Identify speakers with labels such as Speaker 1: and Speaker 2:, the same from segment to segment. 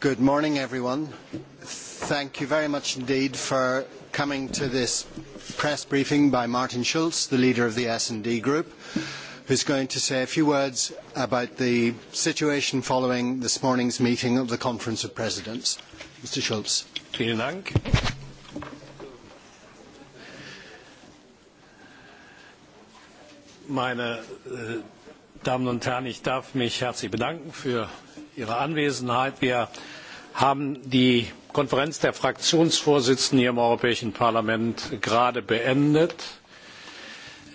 Speaker 1: Good morning, everyone. Thank you very much indeed for coming to this press briefing by Martin Schulz, the leader of the S&D Group, who is going to say a few words about the situation following this morning's meeting
Speaker 2: of the Conference of Presidents. Mr. Schulz. Vielen Dank. Meine Damen und Herren, ich darf mich herzlich bedanken für Ihre Anwesenheit. Wir haben die Konferenz der Fraktionsvorsitzenden hier im Europäischen Parlament gerade beendet.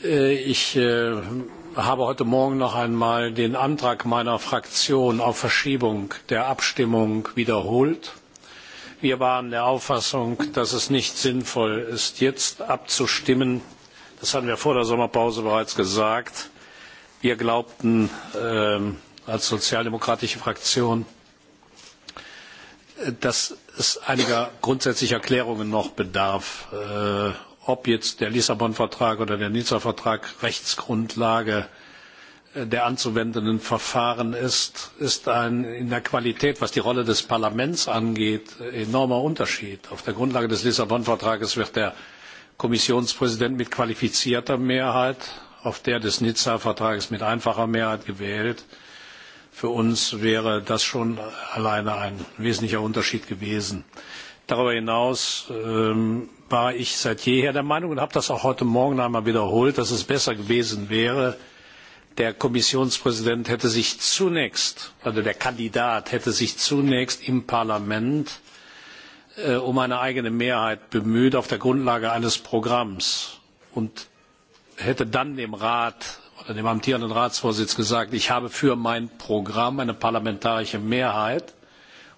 Speaker 2: Ich habe heute Morgen noch einmal den Antrag meiner Fraktion auf Verschiebung der Abstimmung wiederholt. Wir waren der Auffassung, dass es nicht sinnvoll ist, jetzt abzustimmen. Das hatten wir vor der Sommerpause bereits gesagt. Wir glaubten, als sozialdemokratische Fraktion, dass es einiger grundsätzlicher Klärungen noch bedarf, ob jetzt der Lissabon-Vertrag oder der Nizza-Vertrag Rechtsgrundlage der anzuwendenden Verfahren ist, ist ein, in der Qualität, was die Rolle des Parlaments angeht, enormer Unterschied. Auf der Grundlage des lissabon Vertrags wird der Kommissionspräsident mit qualifizierter Mehrheit, auf der des nizza Vertrags mit einfacher Mehrheit gewählt. Für uns wäre das schon alleine ein wesentlicher Unterschied gewesen. Darüber hinaus war ich seit jeher der Meinung und habe das auch heute Morgen einmal wiederholt, dass es besser gewesen wäre, der Kommissionspräsident hätte sich zunächst, also der Kandidat hätte sich zunächst im Parlament um eine eigene Mehrheit bemüht auf der Grundlage eines Programms und hätte dann dem Rat dem amtierenden Ratsvorsitz gesagt, ich habe für mein Programm eine parlamentarische Mehrheit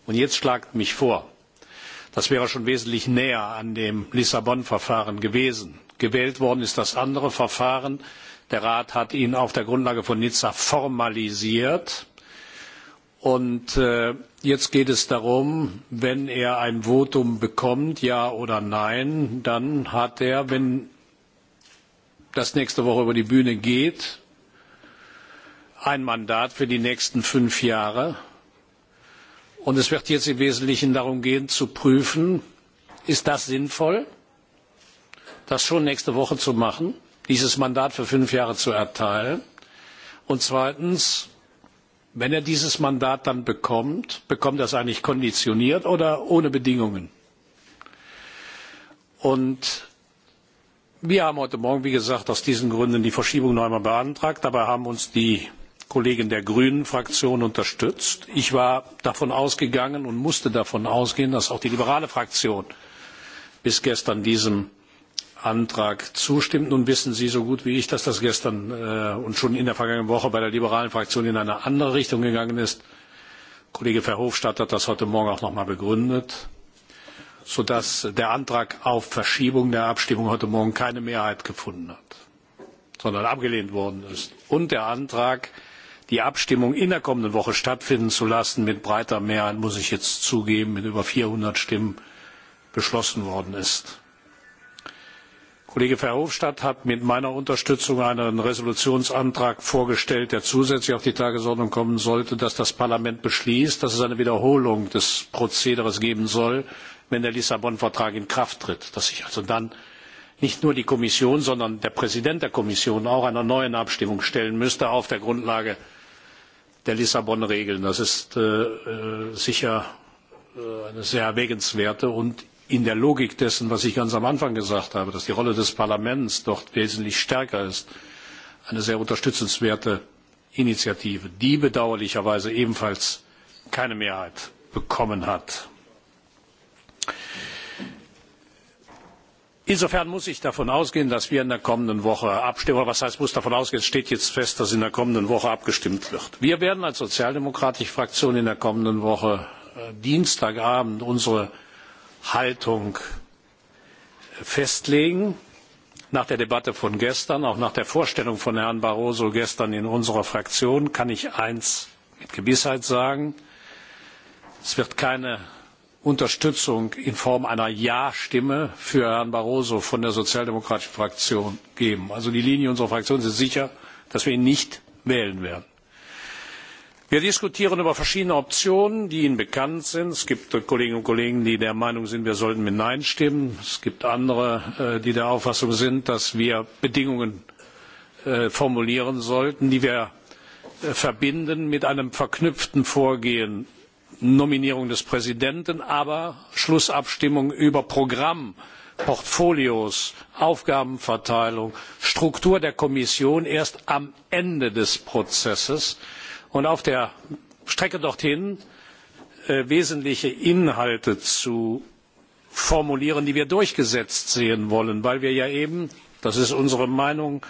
Speaker 2: und jetzt schlagt mich vor. Das wäre schon wesentlich näher an dem Lissabon-Verfahren gewesen. Gewählt worden ist das andere Verfahren. Der Rat hat ihn auf der Grundlage von Nizza formalisiert. Und jetzt geht es darum, wenn er ein Votum bekommt, ja oder nein, dann hat er, wenn das nächste Woche über die Bühne geht, ein Mandat für die nächsten fünf Jahre. Und es wird jetzt im Wesentlichen darum gehen, zu prüfen, ist das sinnvoll, das schon nächste Woche zu machen, dieses Mandat für fünf Jahre zu erteilen. Und zweitens, wenn er dieses Mandat dann bekommt, bekommt er es eigentlich konditioniert oder ohne Bedingungen? Und wir haben heute morgen wie gesagt aus diesen gründen die verschiebung noch einmal beantragt. dabei haben uns die kollegen der grünen fraktion unterstützt. ich war davon ausgegangen und musste davon ausgehen dass auch die liberale fraktion bis gestern diesem antrag zustimmt. nun wissen sie so gut wie ich dass das gestern und schon in der vergangenen woche bei der liberalen fraktion in eine andere richtung gegangen ist. kollege verhofstadt hat das heute morgen auch noch einmal begründet sodass der Antrag auf Verschiebung der Abstimmung heute Morgen keine Mehrheit gefunden hat, sondern abgelehnt worden ist. Und der Antrag, die Abstimmung in der kommenden Woche stattfinden zu lassen, mit breiter Mehrheit, muss ich jetzt zugeben, mit über 400 Stimmen beschlossen worden ist. Kollege Verhofstadt hat mit meiner Unterstützung einen Entschließungsantrag vorgestellt, der zusätzlich auf die Tagesordnung kommen sollte, dass das Parlament beschließt, dass es eine Wiederholung des Prozederes geben soll, wenn der lissabon vertrag in kraft tritt dass sich also dann nicht nur die kommission sondern der präsident der kommission auch einer neuen abstimmung stellen müsste auf der grundlage der lissabon regeln. das ist sicher eine sehr erwägenswerte und in der logik dessen was ich ganz am anfang gesagt habe dass die rolle des parlaments dort wesentlich stärker ist eine sehr unterstützenswerte initiative die bedauerlicherweise ebenfalls keine mehrheit bekommen hat. insofern muss ich davon ausgehen dass wir in der kommenden woche abstimmen oder was heißt muss davon ausgehen es steht jetzt fest dass in der kommenden woche abgestimmt wird. wir werden als sozialdemokratische fraktion in der kommenden woche dienstagabend unsere haltung festlegen nach der debatte von gestern auch nach der vorstellung von herrn barroso gestern in unserer fraktion kann ich eines mit gewissheit sagen es wird keine Unterstützung in Form einer Ja-Stimme für Herrn Barroso von der sozialdemokratischen Fraktion geben. Also die Linie unserer Fraktion ist sicher, dass wir ihn nicht wählen werden. Wir diskutieren über verschiedene Optionen, die Ihnen bekannt sind. Es gibt Kolleginnen und Kollegen, die der Meinung sind, wir sollten mit Nein stimmen. Es gibt andere, die der Auffassung sind, dass wir Bedingungen formulieren sollten, die wir verbinden mit einem verknüpften Vorgehen Nominierung des Präsidenten, aber Schlussabstimmung über Programm, Portfolios, Aufgabenverteilung, Struktur der Kommission erst am Ende des Prozesses und auf der Strecke dorthin wesentliche Inhalte zu formulieren, die wir durchgesetzt sehen wollen, weil wir ja eben, das ist unsere Meinung,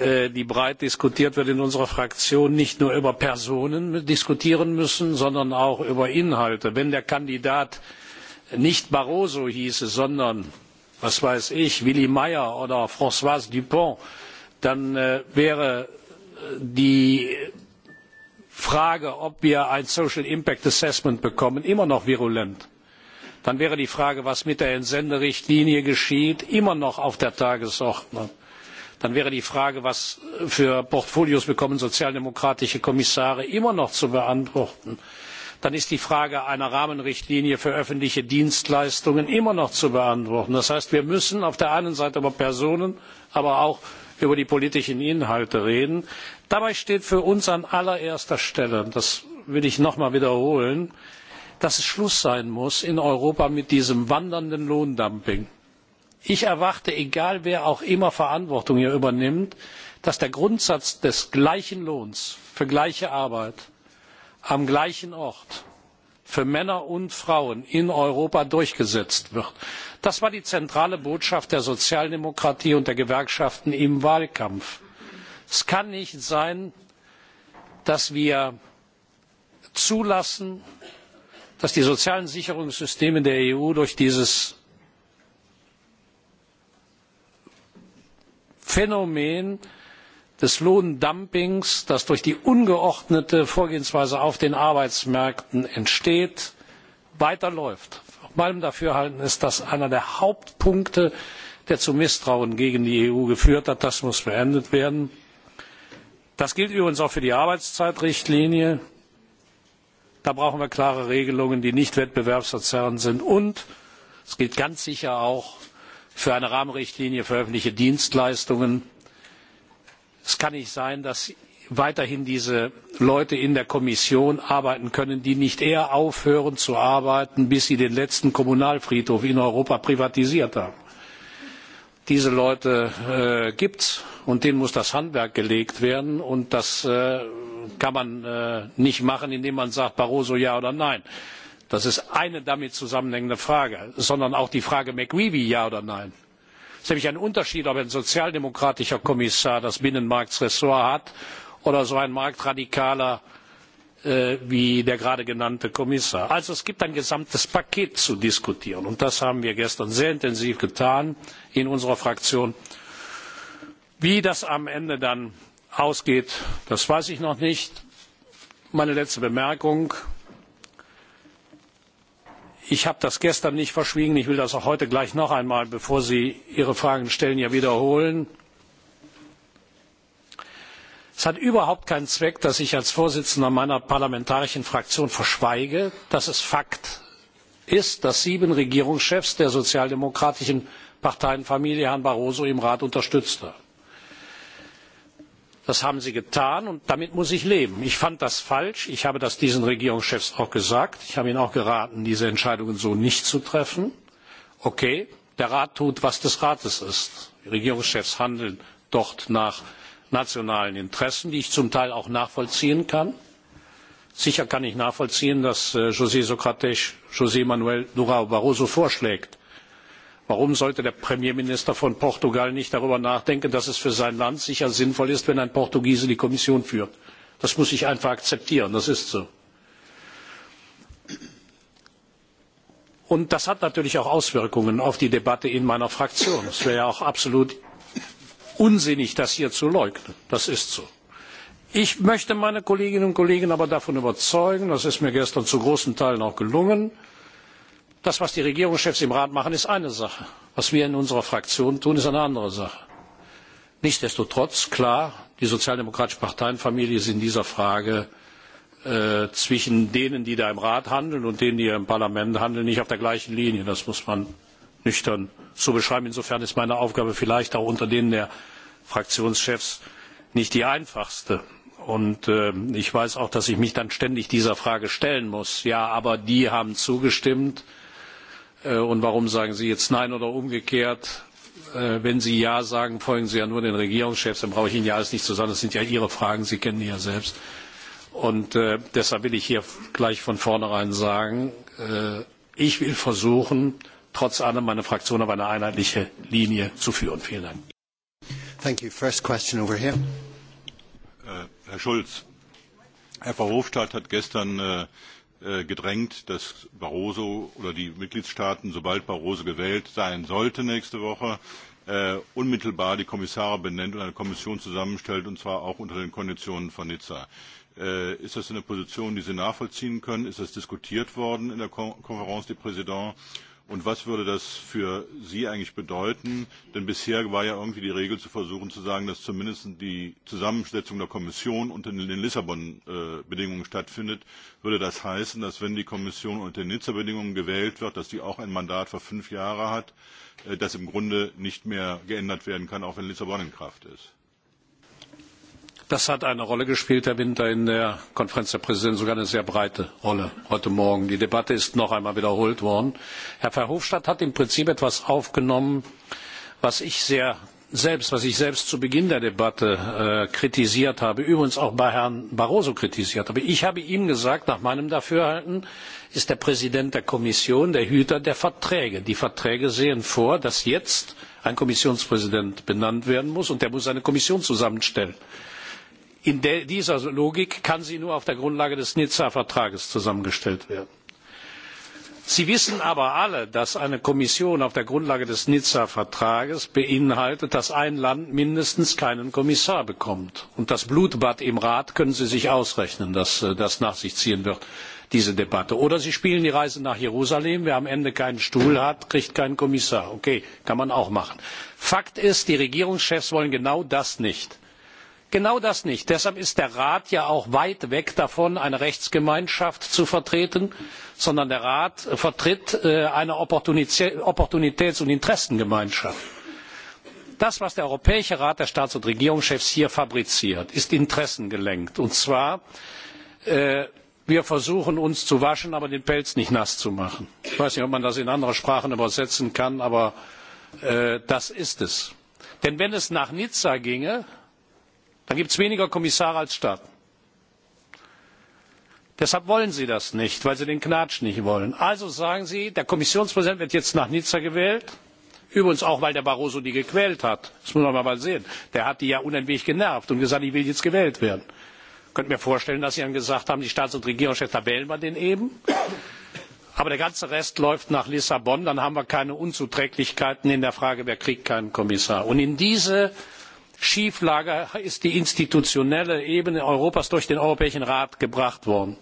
Speaker 2: die breit diskutiert wird in unserer fraktion nicht nur über personen diskutieren müssen sondern auch über inhalte. wenn der kandidat nicht barroso hieße sondern was weiß ich willy meyer oder franoise dupont dann wäre die frage ob wir ein social impact assessment bekommen immer noch virulent. dann wäre die frage was mit der entsenderichtlinie geschieht immer noch auf der tagesordnung dann wäre die frage was für portfolios bekommen sozialdemokratische kommissare immer noch zu beantworten dann ist die frage einer rahmenrichtlinie für öffentliche dienstleistungen immer noch zu beantworten. das heißt wir müssen auf der einen seite über personen aber auch über die politischen inhalte reden. dabei steht für uns an allererster stelle das will ich noch einmal wiederholen dass es schluss sein muss in europa mit diesem wandernden lohndumping ich erwarte egal wer auch immer verantwortung hier übernimmt dass der grundsatz des gleichen lohns für gleiche arbeit am gleichen ort für männer und frauen in europa durchgesetzt wird. das war die zentrale botschaft der sozialdemokratie und der gewerkschaften im wahlkampf. es kann nicht sein dass wir zulassen dass die sozialen sicherungssysteme der eu durch dieses phänomen des lohndumpings das durch die ungeordnete vorgehensweise auf den arbeitsmärkten entsteht weiter läuft. nach meinem dafürhalten ist das einer der hauptpunkte der zu misstrauen gegen die eu geführt hat. das muss beendet werden. das gilt übrigens auch für die arbeitszeitrichtlinie. da brauchen wir klare regelungen die nicht wettbewerbsverzerrend sind. und es gilt ganz sicher auch für eine rahmenrichtlinie für öffentliche dienstleistungen. es kann nicht sein dass weiterhin diese leute in der kommission arbeiten können die nicht eher aufhören zu arbeiten bis sie den letzten kommunalfriedhof in europa privatisiert haben. diese leute gibt es und denen muss das handwerk gelegt werden und das kann man nicht machen indem man sagt barroso ja oder nein das ist eine damit zusammenhängende frage sondern auch die frage mcgreevy ja oder nein. es ist nämlich ein unterschied ob ein sozialdemokratischer kommissar das binnenmarktressort hat oder so ein marktradikaler wie der gerade genannte kommissar. also es gibt ein gesamtes paket zu diskutieren und das haben wir gestern sehr intensiv getan in unserer fraktion. wie das am ende dann ausgeht das weiß ich noch nicht. meine letzte bemerkung ich habe das gestern nicht verschwiegen ich will das auch heute gleich noch einmal bevor sie ihre fragen stellen wiederholen es hat überhaupt keinen zweck dass ich als vorsitzender meiner parlamentarischen fraktion verschweige dass es fakt ist dass sieben regierungschefs der sozialdemokratischen parteienfamilie herrn barroso im rat unterstützten das haben sie getan und damit muss ich leben. ich fand das falsch ich habe das diesen regierungschefs auch gesagt ich habe ihnen auch geraten diese entscheidungen so nicht zu treffen. okay der rat tut was des rates ist. die regierungschefs handeln dort nach nationalen interessen die ich zum teil auch nachvollziehen kann. sicher kann ich nachvollziehen dass jos socrates jos manuel durao barroso vorschlägt warum sollte der premierminister von portugal nicht darüber nachdenken dass es für sein land sicher sinnvoll ist wenn ein portugiese die kommission führt? das muss ich einfach akzeptieren das ist so. das hat natürlich auch auswirkungen auf die debatte in meiner fraktion. es wäre ja auch absolut unsinnig das hier zu leugnen das ist so. ich möchte meine kolleginnen und kollegen aber davon überzeugen das ist mir gestern zu großen teilen auch gelungen das was die regierungschefs im rat machen ist eine sache was wir in unserer fraktion tun ist eine andere sache. nichtsdestotrotz klar die sozialdemokratische parteienfamilie ist in dieser frage zwischen denen die da im rat handeln und denen die hier im parlament handeln nicht auf der gleichen linie. das muss man nüchtern so beschreiben. insofern ist meine aufgabe vielleicht auch unter denen der fraktionschefs nicht die einfachste. und ich weiß auch dass ich mich dann ständig dieser frage stellen muss ja aber die haben zugestimmt und warum sagen Sie jetzt Nein oder umgekehrt? Wenn Sie Ja sagen, folgen Sie ja nur den Regierungschefs, dann brauche ich Ihnen ja alles nicht zu sagen. Das sind ja Ihre Fragen, Sie kennen die ja selbst. Und deshalb will ich hier gleich von vornherein sagen, ich will versuchen, trotz allem meine Fraktion auf eine einheitliche Linie zu führen. Vielen Dank.
Speaker 1: Herr Schulz, Herr Verhofstadt hat gestern gedrängt, dass Barroso oder die Mitgliedstaaten, sobald Barroso gewählt sein sollte nächste Woche, unmittelbar die Kommissare benennt und eine Kommission zusammenstellt, und zwar auch unter den Konditionen von Nizza. Ist das eine Position, die Sie nachvollziehen können? Ist das diskutiert worden in der Konferenz der Präsidenten? Und was würde das für Sie eigentlich bedeuten? Denn bisher war ja irgendwie die Regel zu versuchen zu sagen, dass zumindest die Zusammensetzung der Kommission unter den Lissabon-Bedingungen stattfindet. Würde das heißen, dass wenn die Kommission unter den Nizza-Bedingungen gewählt wird, dass die auch ein Mandat für fünf Jahre hat, das im Grunde nicht mehr geändert werden kann, auch wenn Lissabon in Kraft ist?
Speaker 2: Das hat eine Rolle gespielt, Herr Winter, in der Konferenz der Präsidenten, sogar eine sehr breite Rolle heute Morgen. Die Debatte ist noch einmal wiederholt worden. Herr Verhofstadt hat im Prinzip etwas aufgenommen, was ich sehr selbst, was ich selbst zu Beginn der Debatte kritisiert habe, übrigens auch bei Herrn Barroso kritisiert habe. Ich habe ihm gesagt, nach meinem Dafürhalten ist der Präsident der Kommission der Hüter der Verträge. Die Verträge sehen vor, dass jetzt ein Kommissionspräsident benannt werden muss und der muss eine Kommission zusammenstellen in dieser logik kann sie nur auf der grundlage des nizza vertrags zusammengestellt werden. sie wissen aber alle dass eine kommission auf der grundlage des nizza vertrags beinhaltet dass ein land mindestens keinen kommissar bekommt und das blutbad im rat können sie sich ausrechnen das das nach sich ziehen wird diese debatte. oder sie spielen die reise nach jerusalem wer am ende keinen stuhl hat kriegt keinen kommissar. okay kann man auch machen. fakt ist die regierungschefs wollen genau das nicht genau das nicht. deshalb ist der rat ja auch weit weg davon eine rechtsgemeinschaft zu vertreten sondern der rat vertritt eine opportunitäts und interessengemeinschaft. das was der europäische rat der staats und regierungschefs hier fabriziert ist interessengelenkt und zwar wir versuchen uns zu waschen aber den pelz nicht nass zu machen. ich weiß nicht ob man das in andere sprachen übersetzen kann aber das ist es. denn wenn es nach nizza ginge dann gibt es weniger kommissare als staaten. deshalb wollen sie das nicht weil sie den knatsch nicht wollen. also sagen sie der kommissionspräsident wird jetzt nach nizza gewählt übrigens auch weil der barroso die gequält hat das muss man mal sehen der hat die ja unentwegt genervt und gesagt ich will jetzt gewählt werden. ich könnte mir vorstellen dass sie dann gesagt haben die staats und regierungschefs da wählen wir den eben aber der ganze rest läuft nach lissabon dann haben wir keine unzuträglichkeiten in der frage wer kriegt keinen kommissar. und in diese schieflage ist die institutionelle ebene europas durch den europäischen rat gebracht worden.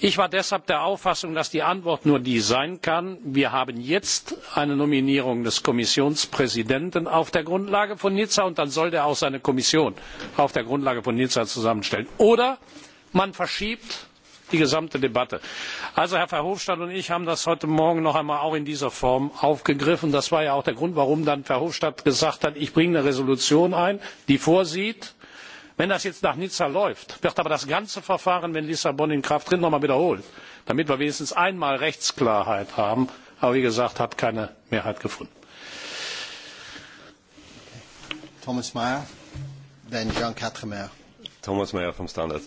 Speaker 2: ich war deshalb der auffassung dass die antwort nur die sein kann wir haben jetzt eine nominierung des kommissionspräsidenten auf der grundlage von nizza und dann soll der auch seine kommission auf der grundlage von nizza zusammenstellen oder man verschiebt die gesamte debatte. also herr verhofstadt und ich haben das heute morgen noch einmal auch in dieser form aufgegriffen. das war ja auch der grund warum dann verhofstadt gesagt hat ich bringe eine entschließung ein die vorsieht wenn das jetzt nach nizza läuft wird aber das ganze verfahren wenn lissabon in kraft tritt noch einmal wiederholt damit wir wenigstens einmal rechtsklarheit haben. aber wie gesagt hat keine mehrheit gefunden. thomas meyer
Speaker 1: vom standard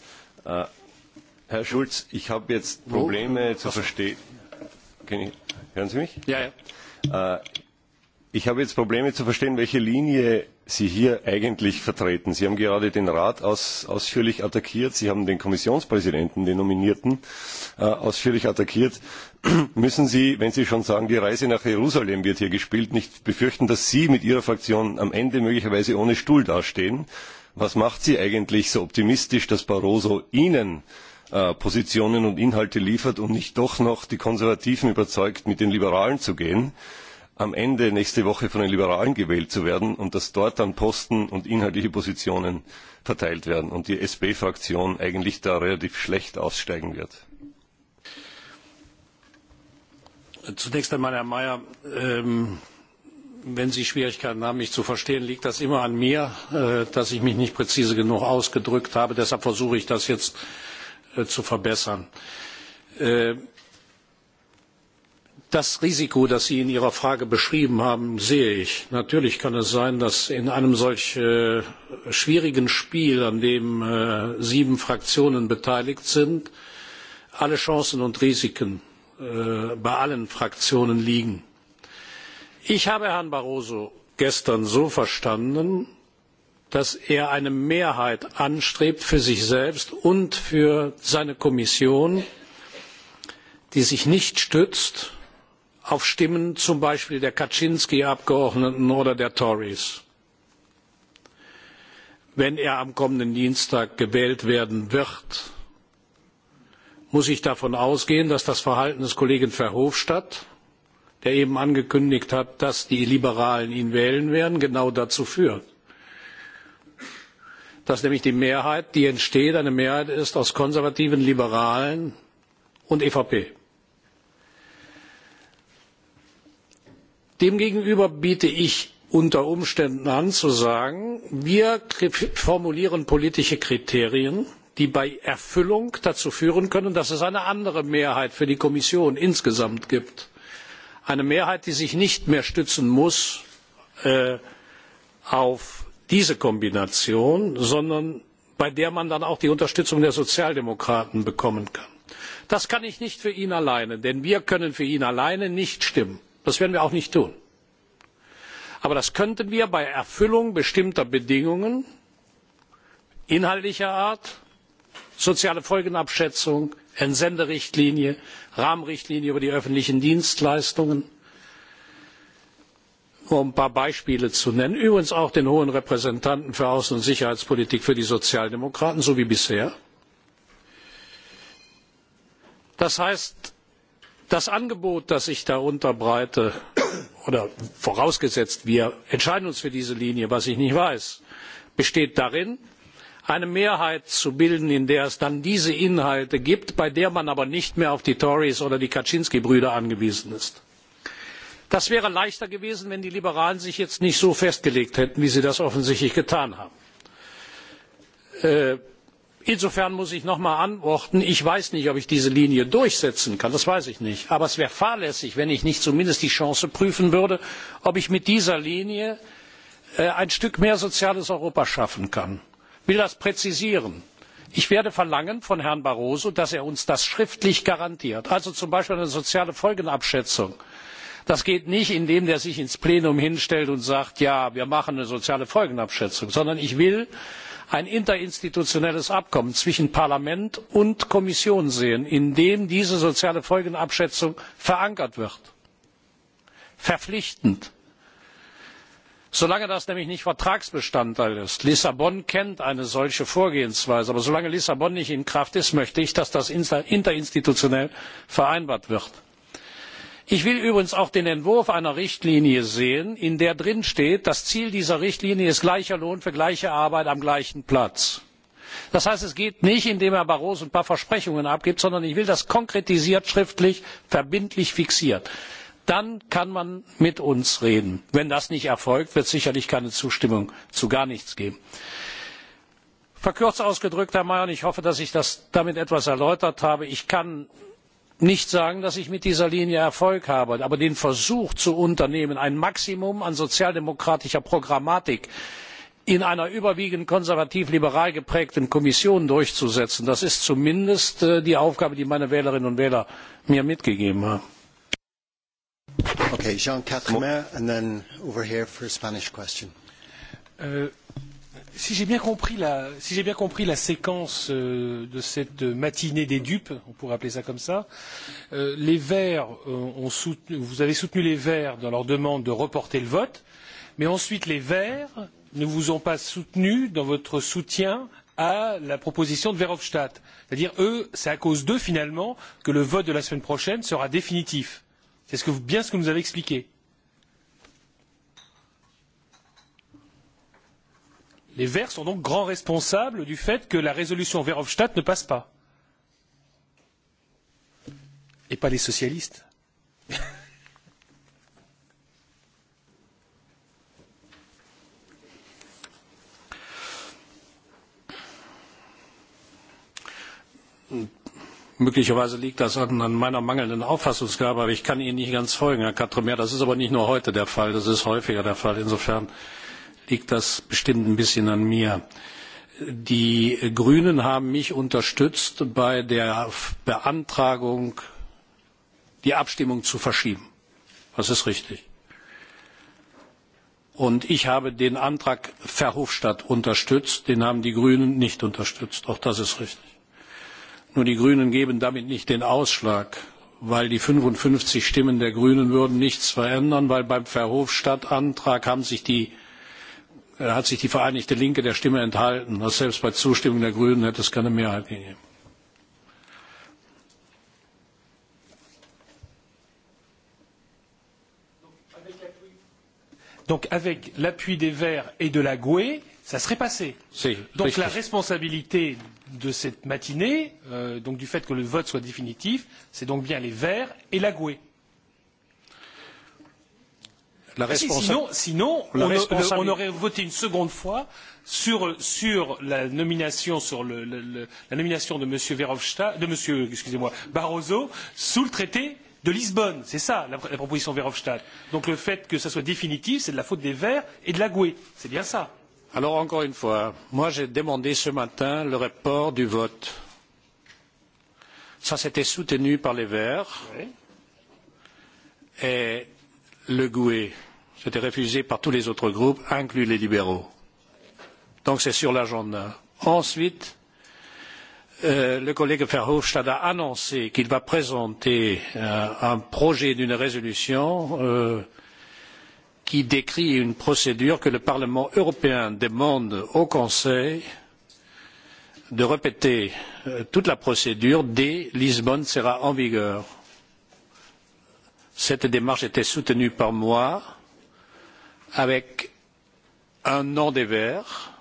Speaker 1: Herr Schulz, ich habe jetzt Probleme zu verstehen. Hören Sie mich? Ja, ja. Ich habe jetzt Probleme zu verstehen, welche Linie Sie hier eigentlich vertreten. Sie haben gerade den Rat ausführlich attackiert. Sie haben den Kommissionspräsidenten, den Nominierten, ausführlich attackiert. Müssen Sie, wenn Sie schon sagen, die Reise nach Jerusalem wird hier gespielt, nicht befürchten, dass Sie mit Ihrer Fraktion am Ende möglicherweise ohne Stuhl dastehen? Was macht Sie eigentlich so optimistisch, dass Barroso Ihnen Positionen und Inhalte liefert und nicht doch noch die Konservativen überzeugt, mit den Liberalen zu gehen, am Ende nächste Woche von den Liberalen gewählt zu werden und dass dort dann Posten und inhaltliche Positionen verteilt werden und die SP-Fraktion eigentlich da relativ schlecht aussteigen wird.
Speaker 2: Zunächst einmal, Herr Mayer, wenn Sie Schwierigkeiten haben, mich zu verstehen, liegt das immer an mir, dass ich mich nicht präzise genug ausgedrückt habe. Deshalb versuche ich das jetzt zu verbessern. Das Risiko, das Sie in Ihrer Frage beschrieben haben, sehe ich. Natürlich kann es sein, dass in einem solch schwierigen Spiel, an dem sieben Fraktionen beteiligt sind, alle Chancen und Risiken bei allen Fraktionen liegen. Ich habe Herrn Barroso gestern so verstanden, dass er eine Mehrheit anstrebt für sich selbst und für seine Kommission, die sich nicht stützt auf Stimmen zum Beispiel der Kaczynski-Abgeordneten oder der Tories. Wenn er am kommenden Dienstag gewählt werden wird, muss ich davon ausgehen, dass das Verhalten des Kollegen Verhofstadt, der eben angekündigt hat, dass die Liberalen ihn wählen werden, genau dazu führt dass nämlich die Mehrheit, die entsteht, eine Mehrheit ist aus Konservativen, Liberalen und EVP. Demgegenüber biete ich unter Umständen an zu sagen, wir formulieren politische Kriterien, die bei Erfüllung dazu führen können, dass es eine andere Mehrheit für die Kommission insgesamt gibt. Eine Mehrheit, die sich nicht mehr stützen muss auf diese Kombination, sondern bei der man dann auch die Unterstützung der Sozialdemokraten bekommen kann. Das kann ich nicht für ihn alleine, denn wir können für ihn alleine nicht stimmen. Das werden wir auch nicht tun. Aber das könnten wir bei Erfüllung bestimmter Bedingungen inhaltlicher Art, soziale Folgenabschätzung, Entsenderichtlinie, Rahmenrichtlinie über die öffentlichen Dienstleistungen um ein paar Beispiele zu nennen. Übrigens auch den hohen Repräsentanten für Außen- und Sicherheitspolitik für die Sozialdemokraten, so wie bisher. Das heißt, das angebot das ich da unterbreite oder vorausgesetzt wir entscheiden uns für diese linie was ich nicht weiß besteht darin eine mehrheit zu bilden in der es dann diese inhalte gibt bei der man aber nicht mehr auf die tories oder die kaczynski brüder angewiesen ist das wäre leichter gewesen wenn die liberalen sich jetzt nicht so festgelegt hätten wie sie das offensichtlich getan haben. insofern muss ich noch einmal antworten ich weiß nicht ob ich diese linie durchsetzen kann das weiß ich nicht aber es wäre fahrlässig wenn ich nicht zumindest die chance prüfen würde ob ich mit dieser linie ein stück mehr soziales europa schaffen kann. ich will das präzisieren ich werde verlangen von herrn barroso dass er uns das schriftlich garantiert also zum beispiel eine soziale folgenabschätzung das geht nicht indem der sich ins plenum hinstellt und sagt ja wir machen eine soziale folgenabschätzung sondern ich will ein interinstitutionelles abkommen zwischen parlament und kommission sehen in dem diese soziale folgenabschätzung verankert wird verpflichtend. solange das nämlich nicht vertragsbestandteil ist lissabon kennt eine solche vorgehensweise aber solange lissabon nicht in kraft ist möchte ich dass das interinstitutionell vereinbart wird ich will übrigens auch den entwurf einer richtlinie sehen in der steht das ziel dieser richtlinie ist gleicher lohn für gleiche arbeit am gleichen platz. das heißt es geht nicht indem herr barroso ein paar versprechungen abgibt sondern ich will das konkretisiert schriftlich verbindlich fixiert. dann kann man mit uns reden. wenn das nicht erfolgt wird es sicherlich keine zustimmung zu gar nichts geben. verkürzt ausgedrückt herr mayer und ich hoffe dass ich das damit etwas erläutert habe ich kann nicht sagen dass ich mit dieser linie erfolg habe aber den versuch zu unternehmen ein maximum an sozialdemokratischer programmatik in einer überwiegend konservativ liberal geprägten kommission durchzusetzen das ist zumindest die aufgabe die meine wählerinnen und wähler mir mitgegeben haben.
Speaker 3: Si j'ai bien compris la, si j'ai bien compris la séquence de cette matinée des dupes, on pourrait appeler ça comme ça, les Verts ont soutenu, vous avez soutenu les Verts dans leur demande de reporter le vote, mais ensuite les Verts ne vous ont pas soutenu dans votre soutien à la proposition de Verhofstadt. C'est-à-dire, eux, c'est à cause d'eux, finalement, que le vote de la semaine prochaine sera définitif. C'est bien ce que vous nous avez expliqué. Les Verts sont donc grands responsables du fait que la résolution Verhofstadt ne passe pas. Et pas les socialistes.
Speaker 2: Möglicherweise liegt das an, meiner mangelnden Auffassungsgabe, aber ich kann Ihnen nicht ganz folgen, Herr Katremer. Das ist aber nicht nur heute der Fall, das ist häufiger der Fall. Insofern liegt das bestimmt ein bisschen an mir. Die Grünen haben mich unterstützt bei der Beantragung, die Abstimmung zu verschieben. Das ist richtig. Und ich habe den Antrag Verhofstadt unterstützt, den haben die Grünen nicht unterstützt. Auch das ist richtig. Nur die Grünen geben damit nicht den Ausschlag, weil die 55 Stimmen der Grünen würden nichts verändern, weil beim Verhofstadt-Antrag haben sich die hat sich die Vereinigte Linke der Stimme enthalten, was selbst bei Zustimmung der Grünen hätte es keine Mehrheit gegeben. Donc
Speaker 3: avec l'appui des Verts et de la GUE, ça serait passé. Donc la responsabilité de cette matinée, du fait que le vote soit définitif, c'est donc bien les Verts et la GUE la responsabilité. Sinon, on, aurait voté une seconde fois sur, la nomination de M. Verhofstadt, de Monsieur, excusez-moi, Barroso sous le traité de Lisbonne. C'est ça la, proposition Verhofstadt. Donc le fait que ça soit définitif, c'est de la faute
Speaker 2: des Verts et de la GUE. C'est bien ça. Alors encore une fois, moi j'ai demandé ce matin le report du vote. Ça c'était soutenu par les Verts et le GUE c'était refusé par tous les autres groupes, inclus les libéraux. Donc c'est sur l'agenda. Ensuite, le collègue Verhofstadt a annoncé qu'il va présenter un projet d'une résolution qui décrit une procédure que le Parlement européen demande au Conseil de répéter toute la procédure dès Lisbonne sera en vigueur. Cette démarche était soutenue par moi avec un non des Verts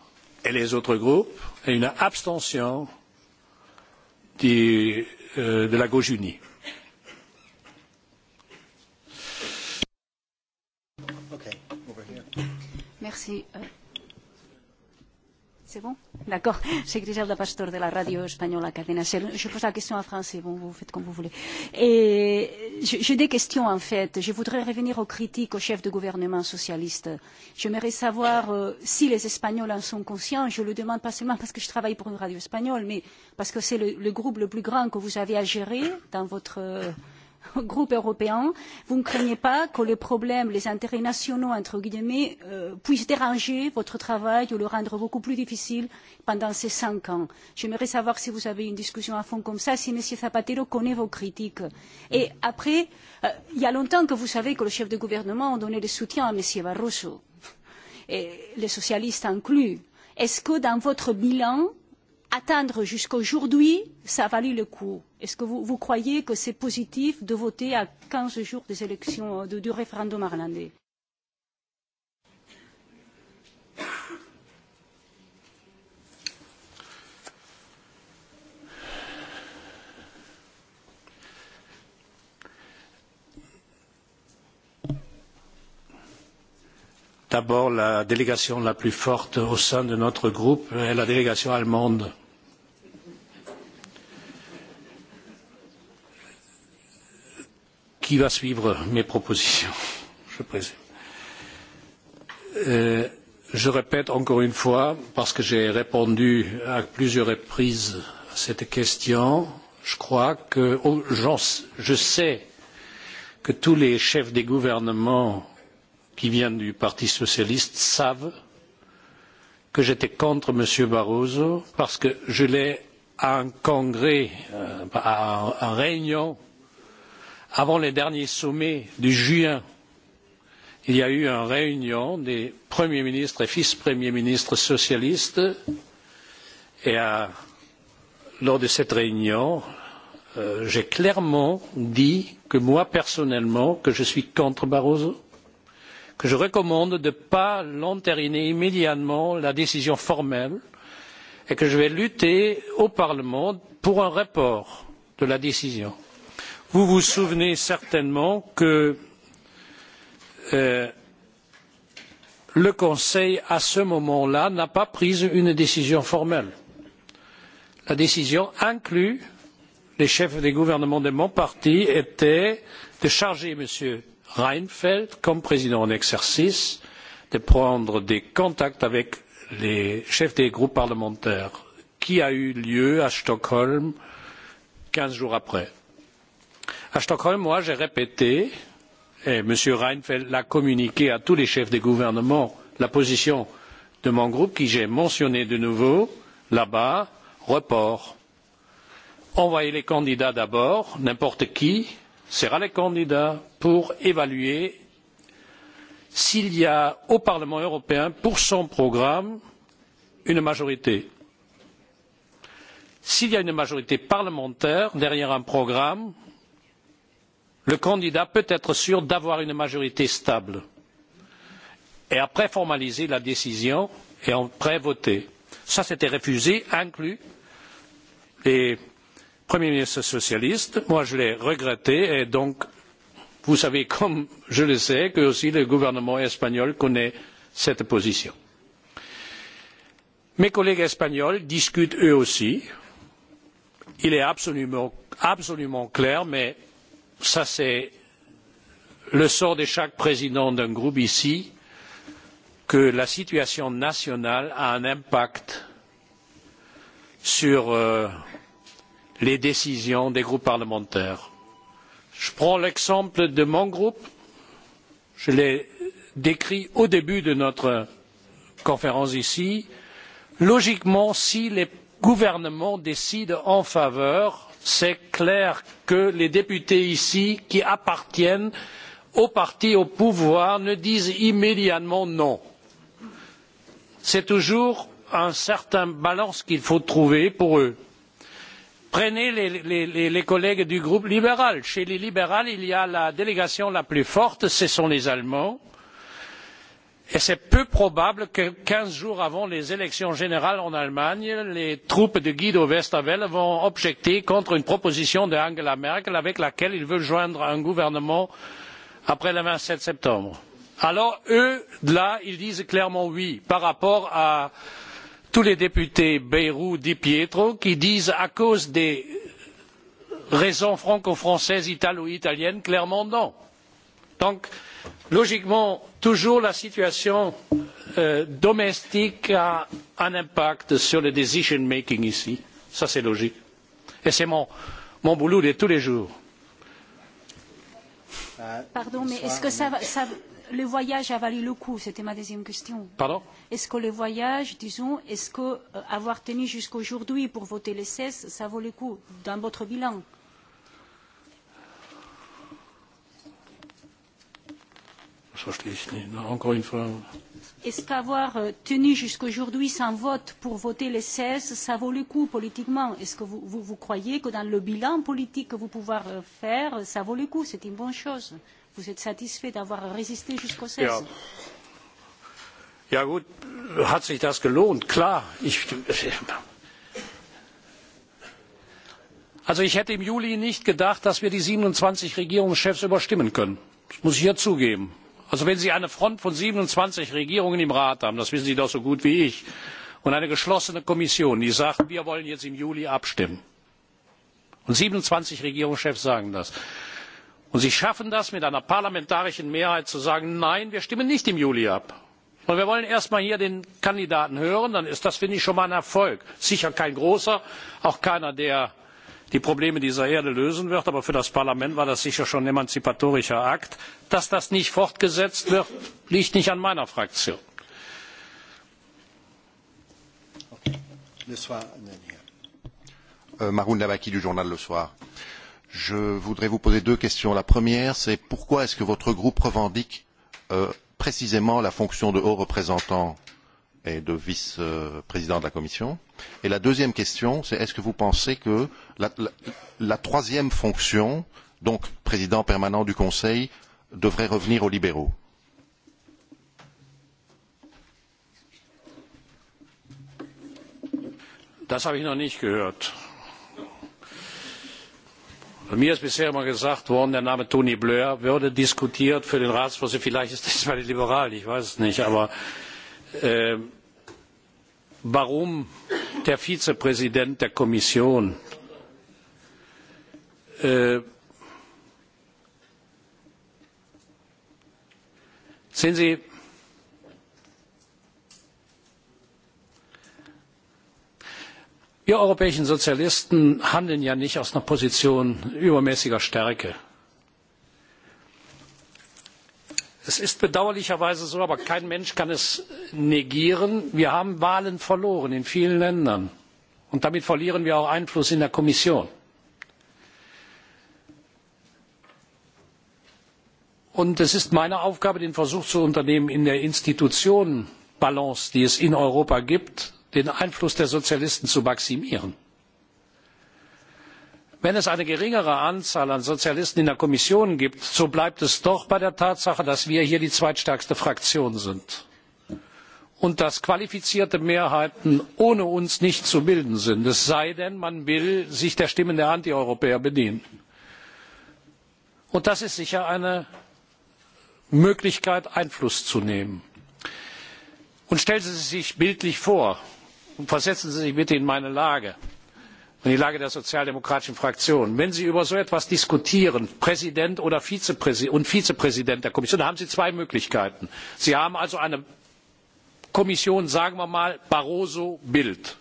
Speaker 2: et les autres groupes et une abstention de la gauche unie.
Speaker 4: Merci. C'est bon D'accord. C'est Griselda Pastor de la radio espagnole à Cadena Je pose la question en français, bon, vous faites comme vous voulez. Et j'ai des questions en fait. Je voudrais revenir aux critiques au chef de gouvernement socialiste. J'aimerais savoir euh, si les Espagnols en sont conscients. Je le demande pas seulement parce que je travaille pour une radio espagnole, mais parce que c'est le, le groupe le plus grand que vous avez à gérer dans votre... Euh, groupe européen, vous ne craignez pas que les problèmes, les intérêts nationaux, entre guillemets, puissent déranger votre travail ou le rendre beaucoup plus difficile pendant ces cinq ans. J'aimerais savoir si vous avez une discussion à fond comme ça, si M. Zapatero connaît vos critiques. Et après, il y a longtemps que vous savez que le chef de gouvernement a donné le soutien à M. Barroso, et les socialistes inclus. Est-ce que dans votre bilan, attendre jusqu'à ça a valu le coup Est-ce que vous, croyez que c'est positif de voter à quinze jours des élections du référendum irlandais
Speaker 2: D'abord, la délégation la plus forte au sein de notre groupe est la délégation allemande qui va suivre mes propositions, je présume. je répète encore une fois, parce que j'ai répondu à plusieurs reprises à cette question, je crois que je sais que tous les chefs des gouvernements qui viennent du Parti socialiste savent que j'étais contre M. Barroso parce que je l'ai à un congrès, à une réunion avant le dernier sommet de juin il y a eu une réunion des premiers ministres et vice premiers ministres socialistes et lors de cette réunion j'ai clairement dit que moi personnellement je suis contre barroso que je recommande de ne pas entériner immédiatement la décision formelle et que je vais lutter au parlement pour un report de la décision vous vous souvenez certainement que le conseil à ce moment là n'a pas pris une décision formelle. la décision inclut les chefs des gouvernements de mon parti était de charger m. reinfeldt comme président en exercice de prendre des contacts avec les chefs des groupes parlementaires qui a eu lieu à stockholm quinze jours après. À Stockholm, moi, j'ai répété, et M. Reinfeldt l'a communiqué à tous les chefs des gouvernements, la position de mon groupe, qui j'ai mentionné de nouveau, là-bas, report. Envoyez les candidats d'abord, n'importe qui sera le candidat pour évaluer s'il y a au Parlement européen, pour son programme, une majorité. S'il y a une majorité parlementaire derrière un programme, le candidat peut être sûr d'avoir une majorité stable et après formaliser la décision et après voter. Ça, c'était refusé, inclus les premiers ministres socialistes. Moi, je l'ai regretté et donc vous savez comme je le sais que aussi le gouvernement espagnol connaît cette position. Mes collègues espagnols discutent eux aussi. Il est absolument clair, mais cela c'est le sort de chaque président d'un groupe ici, que la situation nationale a un impact sur les décisions des groupes parlementaires. Je prends l'exemple de mon groupe. Je l'ai décrit au début de notre conférence ici. Logiquement, si les gouvernements décident en faveur c'est clair que les députés ici qui appartiennent au parti au pouvoir ne disent immédiatement non. c'est toujours un certain balance qu'il faut trouver pour eux. prenez les collègues du groupe libéral chez les libéraux il y a la délégation la plus forte ce sont les allemands et c'est peu probable que quinze jours avant les élections générales en allemagne les troupes de guido westerwelle vont objecter contre une proposition d'angela merkel avec laquelle ils veulent joindre un gouvernement après le vingt sept septembre. alors eux là ils disent clairement oui par rapport à tous les députés bayrou di pietro qui disent à cause des raisons franco françaises italo italiennes clairement non. donc logiquement toujours la situation domestique a un impact sur le decision making ici ça c'est logique et c'est mon, boulot de tous les jours
Speaker 4: Pardon, mais est-ce que ça, ça, le voyage a valu le coup C'était ma deuxième question. Pardon Est-ce que le voyage, disons, est-ce que avoir tenu jusqu'aujourd'hui pour voter les 16, ça vaut le coup dans votre bilan Est-ce qu'avoir tenu jusqu'aujourd'hui sans vote pour voter les 16, ça vaut le coup politiquement Est-ce que vous, vous, vous croyez que dans le bilan politique que vous pouvez faire, ça vaut le coup C'est une bonne chose. Vous êtes satisfait d'avoir résisté jusqu'au 16 ja.
Speaker 2: ja gut, hat sich das gelohnt? Klar. Ich, also ich hätte im Juli nicht gedacht, dass wir die 27 Regierungschefs überstimmen können. Das muss ich hier zugeben also wenn sie eine front von siebenundzwanzig regierungen im rat haben das wissen sie doch so gut wie ich und eine geschlossene kommission die sagt wir wollen jetzt im juli abstimmen und siebenundzwanzig regierungschefs sagen das und sie schaffen das mit einer parlamentarischen mehrheit zu sagen nein wir stimmen nicht im juli ab sondern wir wollen erst einmal hier den kandidaten hören dann ist das schon mal ein erfolg sicher kein großer auch keiner der die probleme dieser erde lösen wird aber für das parlament war das sicher schon ein emanzipatorischer akt. dass das nicht fortgesetzt wird liegt nicht an meiner fraktion.
Speaker 1: maroun labaki du journal le soir. je voudrais vous poser deux questions. la première c'est pourquoi est ce que votre groupe revendique précisément la fonction de haut représentant? et de vice-président de la Commission. Et la deuxième question, c'est est-ce que vous pensez que la, la, la troisième fonction, donc président permanent du Conseil, devrait revenir aux libéraux
Speaker 2: Das habe ich noch nicht gehört. mir ist bisher immer gesagt worden, der Name Tony Blair würde diskutiert für den Ratsvorsitz. Vielleicht ist das bei den Liberalen, ich weiß es nicht. Aber warum der vizepräsident der kommission sehen sie wir europäischen sozialisten handeln ja nicht aus einer position übermäßiger stärke. es ist bedauerlicherweise so aber kein mensch kann es negieren wir haben wahlen verloren in vielen ländern und damit verlieren wir auch einfluss in der kommission. es ist meine aufgabe den versuch zu unternehmen in der institutionenbalance die es in europa gibt den einfluss der sozialisten zu maximieren wenn es eine geringere anzahl an sozialisten in der kommission gibt so bleibt es doch bei der tatsache dass wir hier die zweitstärkste fraktion sind und dass qualifizierte mehrheiten ohne uns nicht zu bilden sind es sei denn man will sich der stimmen der antieuropäer bedienen. und das ist sicher eine möglichkeit einfluss zu nehmen. und stellen sie sich bildlich vor und versetzen sie sich bitte in meine lage und die lage der sozialdemokratischen fraktion. wenn sie über so etwas diskutieren präsident und vizepräsident der kommission dann haben sie zwei möglichkeiten sie haben also eine kommission sagen wir mal barroso bild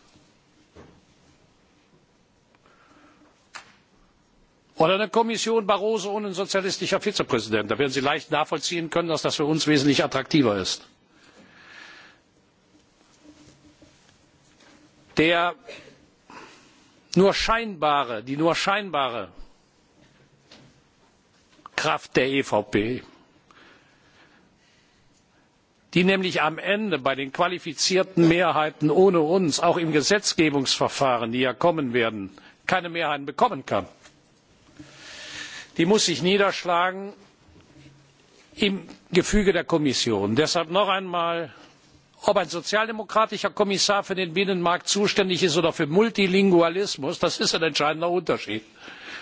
Speaker 2: oder eine kommission barroso und ein sozialistischer vizepräsident. da werden sie leicht nachvollziehen können dass das für uns wesentlich attraktiver ist. der nur scheinbare die nur scheinbare kraft der evp die nämlich am ende bei den qualifizierten mehrheiten ohne uns auch im gesetzgebungsverfahren die ja kommen werden keine mehrheiten bekommen kann die muss sich niederschlagen im gefüge der kommission. deshalb noch einmal ob ein sozialdemokratischer kommissar für den binnenmarkt zuständig ist oder für multilingualismus das ist ein entscheidender unterschied.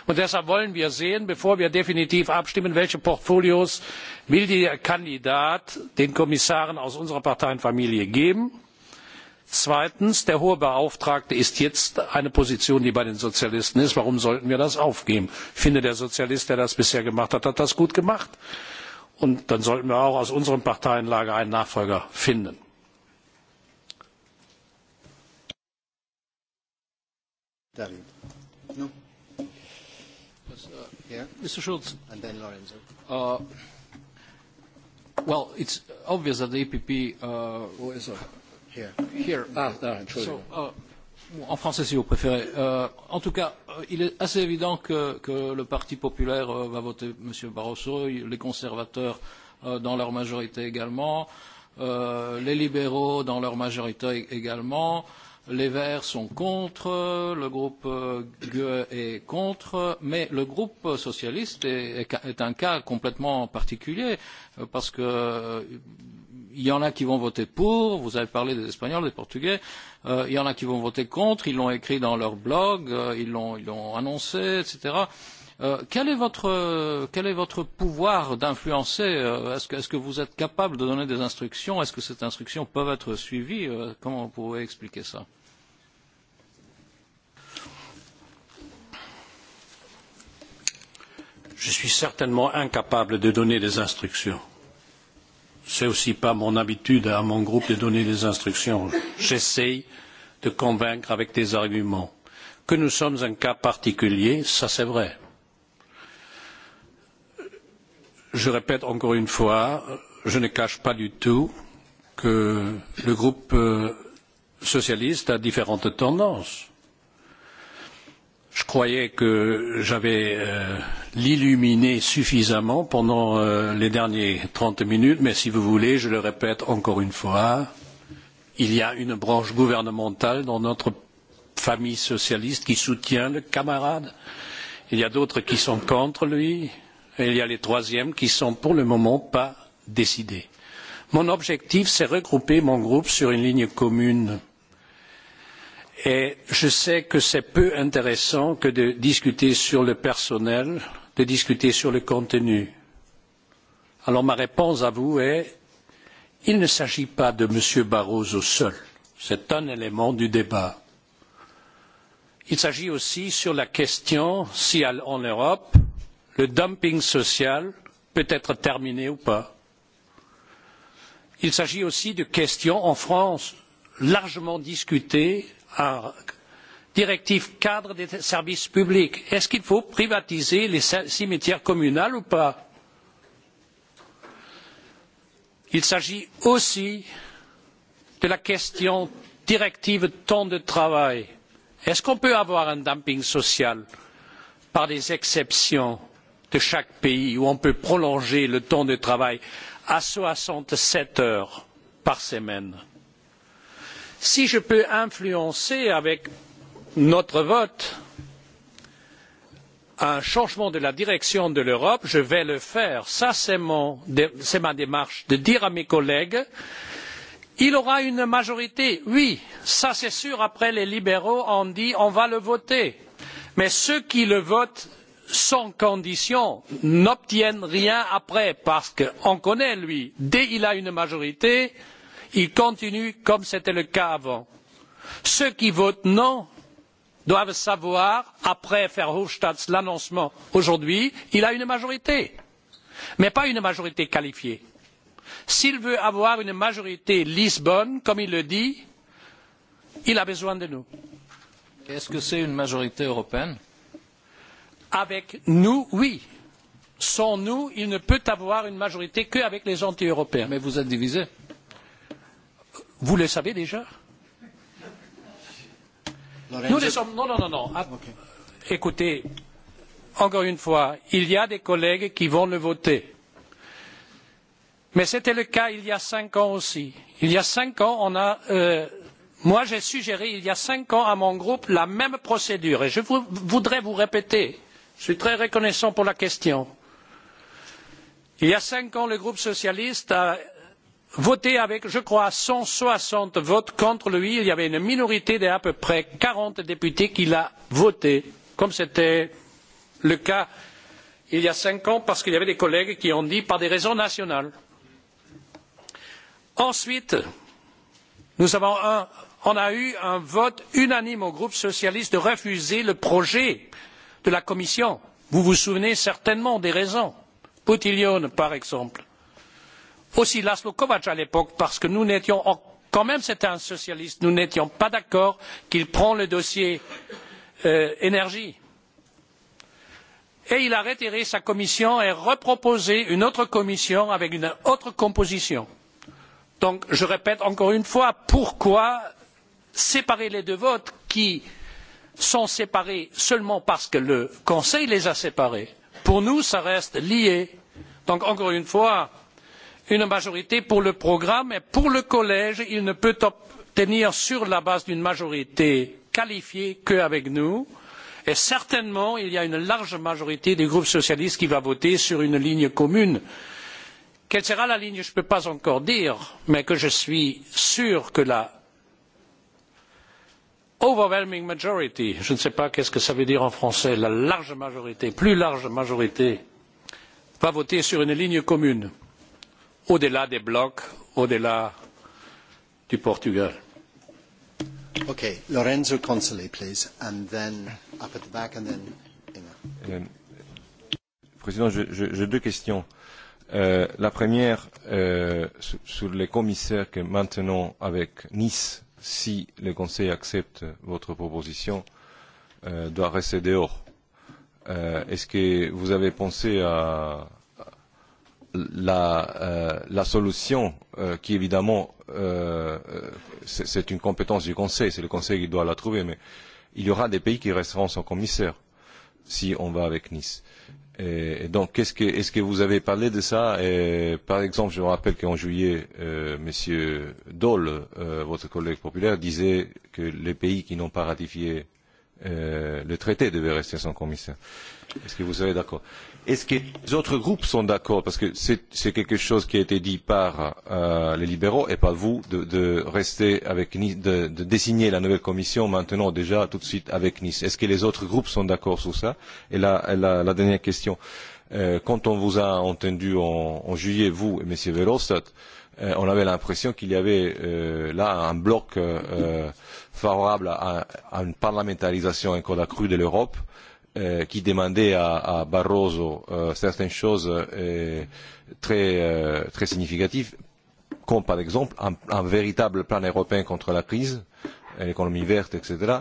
Speaker 2: deshalb wollen wir sehen bevor wir definitiv abstimmen welche portfolios der kandidat den kommissaren aus unserer parteienfamilie geben will. zweitens der hohe beauftragte ist jetzt eine position die bei den sozialisten ist. warum sollten wir das aufgeben? ich finde der sozialist der das bisher gemacht hat hat das gut gemacht. und dann sollten wir auch aus unserem parteienlager einen nachfolger finden. No. yeah. Mr. Schulz. And then Lorenzo. Uh, well, it's obvious that the EPP. Uh, Where is it? Here. Here. Ah, no, so, uh, En français, si vous préférez. en tout cas, il est assez évident que, le Parti populaire va voter M. Barroso, les conservateurs dans leur majorité également, les libéraux dans leur majorité également. Euh, Les Verts sont contre, le groupe GUE est contre, mais le groupe socialiste est, un cas complètement particulier parce que il y en a qui vont voter pour, vous avez parlé des Espagnols, des Portugais, il y en a qui vont voter contre, ils l'ont écrit dans leur blog, ils l'ont annoncé, etc quel est votre pouvoir d'influencer Est-ce que, vous êtes capable de donner des instructions Est-ce que ces instructions peuvent être suivies Comment vous pouvez expliquer cela je suis certainement incapable de donner des instructions. Ce n'est aussi pas mon habitude à mon groupe de donner des instructions. J'essaye de convaincre avec des arguments. Que nous sommes un cas particulier, ça c'est vrai. Je répète encore une fois, je ne cache pas du tout que le groupe socialiste a différentes tendances Je croyais que j'avais l'illuminé suffisamment pendant les dernières trente minutes, mais si vous voulez, je le répète encore une fois, il y a une branche gouvernementale dans notre famille socialiste qui soutient le camarade. Il y a d'autres qui sont contre lui. Et il y a les troisièmes qui sont pour le moment pas décidés. Mon objectif, c'est de regrouper mon groupe sur une ligne commune Et je sais que c'est peu intéressant que de discuter sur le personnel, de discuter sur le contenu. Alors ma réponse à vous est il ne s'agit pas de M. Barroso seul. C'est un élément du débat. Il s'agit aussi sur la question si en Europe le dumping social peut être terminé ou pas. Il s'agit aussi de questions en France largement discutées un directive cadre des services publics. Est ce qu'il faut privatiser les cimetières communaux ou pas? Il s'agit aussi de la question directive temps de travail. Est-ce qu'on peut avoir un dumping social par des exceptions de chaque pays où on peut prolonger le temps de travail à soixante sept heures par semaine? si je peux influencer avec notre vote un changement de la direction de l'europe je vais le faire. c'est ma démarche de dire à mes collègues il aura une majorité oui ça c'est sûr après les libéraux ont dit on va le voter mais ceux qui le votent sans condition n'obtiennent rien après parce qu'on connaît lui dès qu'il a une majorité il Ils continuent comme c'était le cas avant. Ceux qui votent non doivent savoir, après Verhofstadt l'annoncement aujourd'hui, qu'il a une majorité, mais pas une majorité qualifiée. S'il veut avoir une majorité Lisbonne, comme il le dit, il a besoin de nous. Est-ce que c'est une majorité européenne Avec nous, oui. Sans nous, il ne peut avoir une majorité qu'avec les anti-européens. Mais vous êtes divisé. Vous le savez déjà Nous les sommes. Non, non, non, non. Écoutez, encore une fois, il y a des collègues qui vont le voter. Mais c'était le cas il y a cinq ans aussi. Il y a cinq ans, on a. Euh, moi, j'ai suggéré il y a cinq ans à mon groupe la même procédure. Et je vous voudrais vous répéter. Je suis très reconnaissant pour la question. Il y a cinq ans, le groupe socialiste a voté avec je crois cent soixante votes contre lui. il y avait une minorité d'à peu près quarante députés qui l'a voté comme c'était le cas il y a cinq ans parce qu'il y avait des collègues qui ont dit pour des raisons nationales. ensuite nous avons eu un vote unanime au groupe socialiste de refuser le projet de la commission. vous vous souvenez certainement des raisons. poutillone par exemple aussi Laszlo Kovacs à l'époque, parce que nous n'étions quand même c'était un socialiste, nous n'étions pas d'accord qu'il prenne le dossier énergie. Et il a retiré sa commission et reproposé une autre commission avec une autre composition. Donc, je répète encore une fois, pourquoi séparer les deux votes qui sont séparés seulement parce que le Conseil les a séparés Pour nous, cela reste lié. Donc, encore une fois, une majorité pour le programme mais pour le collège il ne peut obtenir sur la base d'une majorité qualifiée qu'avec nous et certainement il y a une large majorité du groupe socialiste qui va voter sur une ligne commune. quelle sera la ligne je ne peux pas encore dire mais je suis sûr que la overwhelming majority je ne sais pas ce que cela veut dire en français la large majorité plus large majorité va voter sur une ligne commune au-delà des blocs, au-delà du Portugal. Okay, Lorenzo Consoli, please,
Speaker 1: and then up at the back, and then Président, j'ai deux questions. la première sur les commissaires que maintenant avec Nice, si le Conseil accepte votre proposition, doit rester dehors. Est-ce que vous avez pensé à la, solution, qui évidemment, c'est une compétence du Conseil, c'est le Conseil qui doit la trouver, mais il y aura des pays qui resteront sans commissaire si on va avec Nice. Et, donc, est-ce que, vous avez parlé de ça Par exemple, je me rappelle qu'en juillet, M. Daul, votre collègue populaire, disait que les pays qui n'ont pas ratifié le traité devaient rester sans commissaire. Est-ce que vous êtes d'accord Est-ce que les autres groupes sont d'accord Parce que c'est quelque chose qui a été dit par les libéraux et par vous de, rester avec Nice, de, désigner la nouvelle commission maintenant déjà tout de suite avec Nice. Est-ce que les autres groupes sont d'accord sur ça Et la, dernière question. quand on vous a entendu en, juillet, vous et M. Verhofstadt, on avait l'impression qu'il y avait là un bloc favorable à, une parlementarisation encore accrue de l'Europe qui demandait à, Barroso certaines choses très, très significatives, comme par exemple un, véritable plan européen contre la crise, l'économie verte, etc.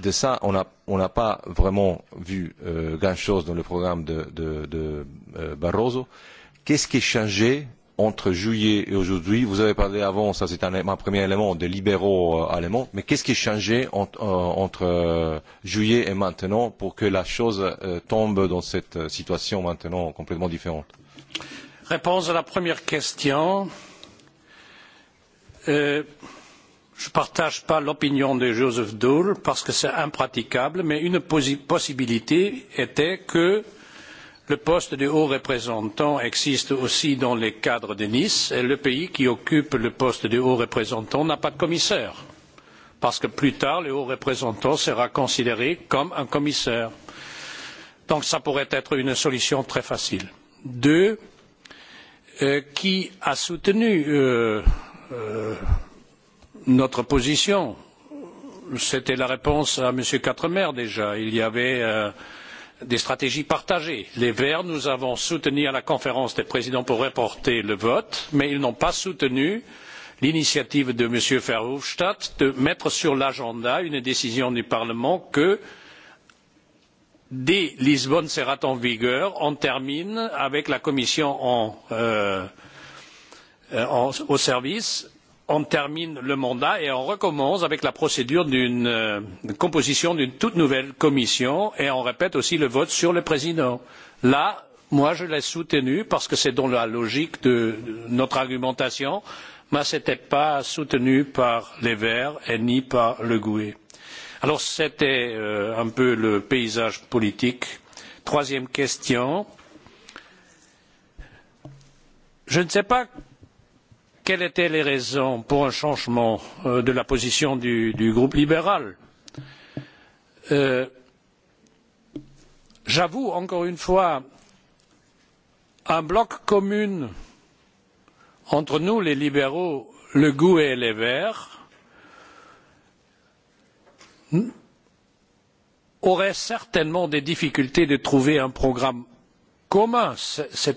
Speaker 1: De ça, on n'a pas vraiment vu grand-chose dans le programme de, Barroso. Qu'est-ce qui est changé entre juillet et aujourd'hui Vous avez parlé avant, ça c'est un, premier élément, des libéraux allemands. Mais qu'est-ce qui a changé entre juillet et maintenant pour que la chose tombe dans cette situation maintenant complètement
Speaker 2: différente Réponse à la première question. je ne partage pas l'opinion de Joseph Daul parce que c'est impraticable, mais une possibilité était que Le poste de haut représentant existe aussi dans le cadre de Nice et le pays qui occupe le poste de haut représentant n'a pas de commissaire parce que plus tard le haut représentant sera considéré comme un commissaire. Donc cela pourrait être une solution très facile. Deux, qui a soutenu notre position C'était la réponse à M. Quatremer déjà. Il y avait des stratégies partagées. Les Verts, nous avons soutenu à la conférence des présidents pour reporter le vote, mais ils n'ont pas soutenu l'initiative de M. Verhofstadt de mettre sur l'agenda une décision du Parlement que dès Lisbonne sera en vigueur, on termine avec la Commission au service on termine le mandat et on recommence avec la procédure d'une composition d'une toute nouvelle commission et on répète aussi le vote sur le président. Là, moi je l'ai soutenu parce que c'est dans la logique de notre argumentation, mais ce n'était pas soutenu par les Verts et ni par le GUE. Alors c'était un peu le paysage politique. Troisième question. Je ne sais pas quelles étaient les raisons pour un changement de la position du groupe libéral? j'avoue encore une fois un bloc commun entre nous les libéraux le gue et les verts aurait certainement des difficultés à trouver un programme commun c'est